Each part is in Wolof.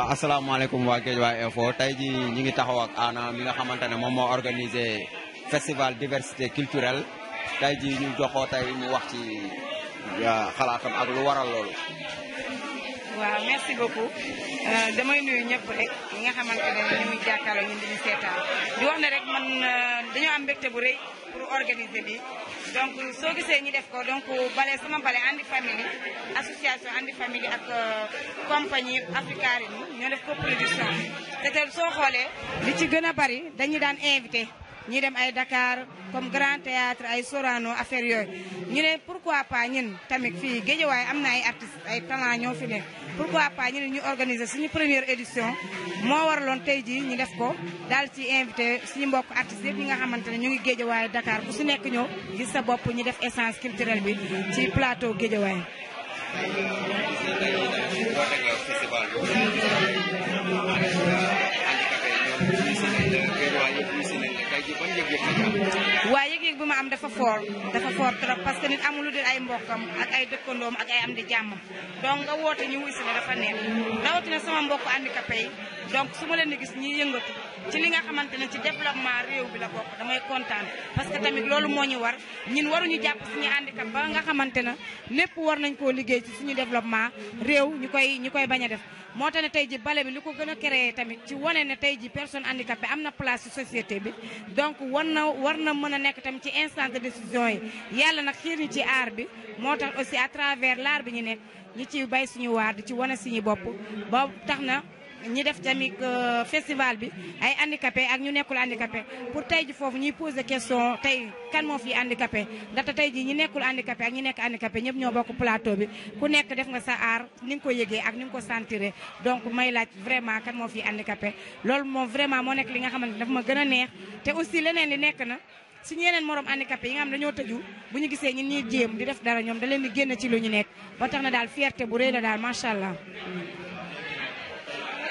waaw asalaamaaleykum waa Guédiawaye Info tey ji ñi ngi taxaw ak Anna mi nga xamante ne moom moo organisé festival diversité culturelle tey ji ñu joxoo tey mu wax ci xalaatam ak lu waral loolu waaw merci beaucoup euh, damay nuyu ñëpp rek ñi nga xamante ne ñu ngi jàkkaarloo ñun dañu seetaan di wax ne rek man euh, dañoo am mbégte bu rëy pour organiser bi donc soo gisee ñu def ko donc bale sama bale andi famille association andi famille ak euh, compagnie africaine ñoo def ko production te tey soo xoolee li ci gën a bari dañu daan invité ñi dem ay Dakar comme Grand Théâtre ay Sorano affaire yooyu ñu ne pourquoi pas ñun tamit fii Guédiawaye am na ay artistes ay talent ñoo fi nekk pourquoi pas ñu ne ñu organiser suñu première édition moo waraloon tey jii ñu def ko daal ci invité suñu mbokk artistes yëpp yi nga xamante ne ñu ngi Géejawaay Dakar ku su nekk ñëw gis sa bopp ñu def essence culturelle bi ci plateau Géejawaay. festival waaw yëg-yëg bi ma am dafa foor dafa foor trop parce que nit amul lu dul ay mbokkam ak ay dëkkandoom ak ay am di jàmm donc nga woote ñu wuy si ne dafa neex rawatina sama mbokk handicapé yi donc su ma leen di gis ñuy yëngatu ci li nga xamante ne ci développement réew bi la bokk damay kontaan parce que tamit loolu moo ñu war ñun waruñu jàpp suñu handicap ba nga xamante ne lépp war nañ koo liggéey ci suñu développement réew ñu koy ñu koy bañ a def moo tax ne tey ji bale ko gën a créé tamit ci wane ne tey am na place ci société bi donc war na war na mën a nekk tamit ci instance de décision yi yàlla nag xiir ñu ci aar bi moo tax aussi à travers laar bi ñu nekk ñu ci bay suñu waar di ci wane suñu bopp ba tax na ñi def tamit euh, festival bi ay handicapé ak ñu nekkul handicapé pour tay ji fofu ñuy poser question tay kan moo fi handicapé ndaxte tay ji ñi nekkul handicapé ak ñi nekk handicapé ñëpp ñoo bokk plateau bi ku nekk def nga sa aar ni nga ko yëgee ak ni nga ko sentiré donc may laaj vraiment kan moo fi handicapé loolu moom vraiment moo nekk li nga xamante daf ma gën a neex te aussi leneen li nekk na si yeneen morom handicapé yi nga xam dañoo tëju bu ñu gisee ñi ñuy jéem di def dara ñoom da leen di génn ci lu ñu nekk ba tax na daal fierté bu rëy la daal macha allah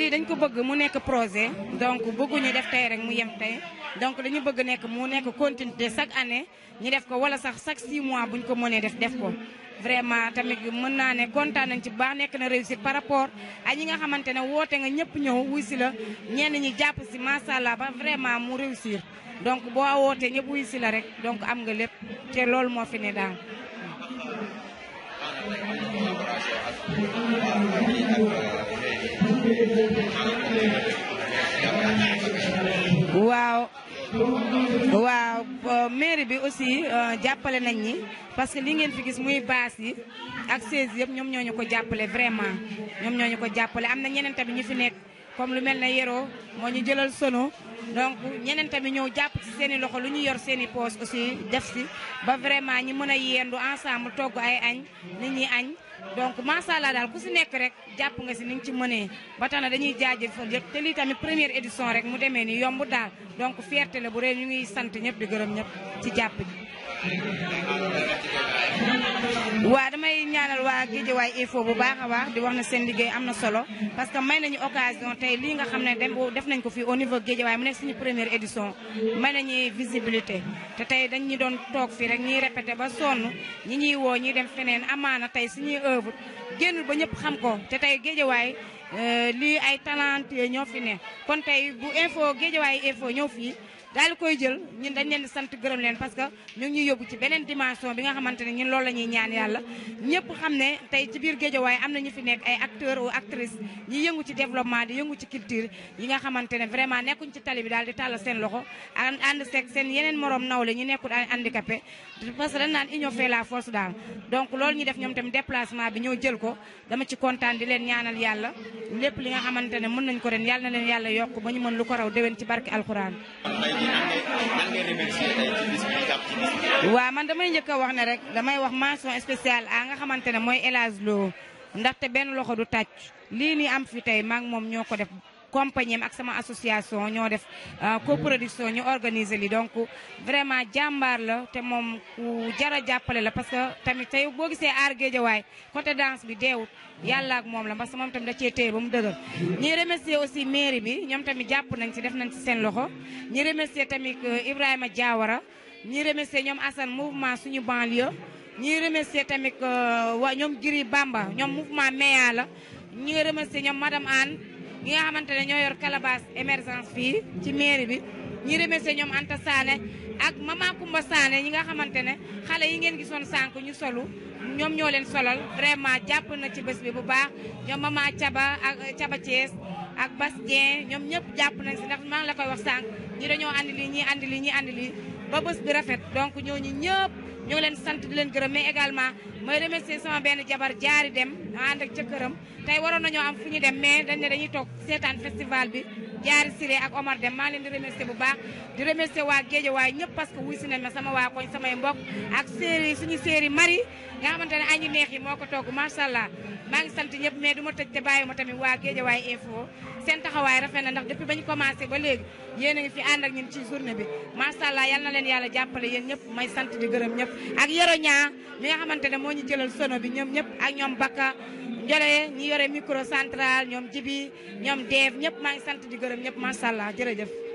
lii dañ ko bëgg mu nekk projet donc bëgguñu def tey rek mu yem tey donc dañu bëgg nekk mu nekk continuité chaque année ñu def ko wala sax chaque 6 mois buñ ko mënee def def ko. vraiment tamit mën naa ne kontaan nañ ci baax nekk na réussite par rapport ak ñi nga xamante ne woote nga ñëpp ñëw wu si la ñenn ñi jàpp si macha allah ba vraiment mu réussir donc boo wootee ñëpp wuy si la rek donc am nga lépp te loolu moo fi ne daal. waaw euh, mairie bi aussi euh, jàppale nañ ñi parce que li ngeen fi gis muy baas yi ak seize yëpp ñoom ñoo ñu ko jàppale vraiment ñoom ñoo ñu ko jàppale am na ñeneen tamit ñu fi nekk comme lu mel na Yero moo ñu jëlal sono donc ñeneen tamit ñëw jàpp ci seen i loxo lu ñu yor seen i poos aussi def si ba vraiment ñi mën a yendu ensemble togg ay añ nit ñi añ. donc macha allah daal ku si nekk rek jàpp nga si ni nga ci mënee ba tax na dañuy jaajëfal yëpp te lii tamit première édition rek mu demee ni yomb daal donc fierté la bu rëy ñu ngi sant ñëpp di gërëm ñëpp ci jàpp waa damay ñaanal waa Guédiawaye info bu baax a baax di na seen liggéey am na solo parce que may nañu occasion tey lii nga xam ne dem def nañ ko fii au niveau Guédiawaye mu nekk suñu première édition may nañu visibilité te tey dañ ñu doon toog fii rek ñuy répété ba sonn ñi ñuy woo ñuy dem feneen amaana tey suñuy œuvre génnul ba ñëpp xam ko te tey géejawaay Euh, lii ay talentueux ñoo fi ne kon tey bu info géejawaay info ñëw fii daal di koy jël ñun dañ leen di sant gërëm leen parce que ñu ngi yóbbu ci beneen dimension bi nga xamante ne ñun loolu la ñuy ñaan yàlla ñëpp xam ne tey ci biir géejawaay am na ñu fi nekk ay acteurs ou actrices ñi yëngu ci développement di yëngu ci culture yi nga xamante ne vraiment nekkuñ ci tali bi daal di tàll seen loxo ànd ànd seeg seen yeneen morom nawle ñu nekkul handicapé parce que dañ naan union fait la force daal donc loolu ñu def ñoom tamit déplacement bi ñoo jël ko dama ci kontaan di leen ñaanal yàlla lépp li nga xamante ne mën nañ ko ren yàlla na leen yàlla yokk ba ñu mën lu ko raw déwén ci barki alxuraan. waaw man damay njëkk a wax ne rek damay wax mention spéciale a nga xamante ne mooy El Hadj Lo ndaxte benn loxo du tàcc lii nii am fi tey maa moom ñoo ko def compagnie ak sama association ñoo def euh, coproduction ñu organiser li donc vraiment jàmbaar la te moom ku jar a jàppale la parce que tamit tey boo gisee aar géejawaay côté danse bi deewut yàlla ak moom la parce que moom tamit da cee téye ba mu dëgër ñuy remercier aussi mairie bi ñoom tamit jàpp nañ ci def nañ ci seen loxo ñi remercier tamit euh, Ibrahima Diawara ñii remercier ñoom Assane mouvement suñu banlieue ñuy remercier tamit euh, waa ñoom Giri Bamba ñoom mouvement Meya la ñi ñi nga xamante ne ñoo yor calebasse émergence fii ci mairie bi ñi remercier ñoom Anta saane ak Mama Kumba saane ñi nga xamante ne xale yi ngeen gisoon sànq ñu solu ñoom ñoo leen solal vraiment jàpp na ci bés bi bu baax ñoom Mama Caba ak Caba Thiès ak Bas Dieng ñoom ñëpp jàpp nañ si ndax maa ngi la koy wax sànq ñi dañoo andi lii ñii andi lii ñii andi lii ba bës bi rafet donc ñooñu ñëpp ñoo leen sant di leen gërëm mais également may remercier sama benn jabar jaari dem ànd ak jëkkëram tey waroon nañoo am fu ñu dem mais dañ ne dañuy toog seetaan festival bi jaari Siré ak Omar dem maa leen di remercier bu baax di remercier waa Géejawaay ñëpp parce que wuy si nañ ma sama waa koñ samay mbokk ak séeri suñu séeri mari nga xamante ne añu neex yi moo ko togg macha allah maa ngi sant ñëpp mais du ma tëj te bàyyi ma tamit waa Géejawaay info seen taxawaay rafet na ndax depuis ba ñu commencé ba léegi yéen a ngi fi ànd ak ñun ci journée bi macha allah yal na leen yàlla jàppale yen ñëpp may sant di gërëm ñëpp ak yoro ñaa mi nga xamante ne moo ñu jëlal sono bi ñoom ñëpp ak ñoom bakka njole ñi yore micro central ñoom jibi ñoom deef ñëpp maa ngi sant di gërëm ñëpp macha allah jërëjëf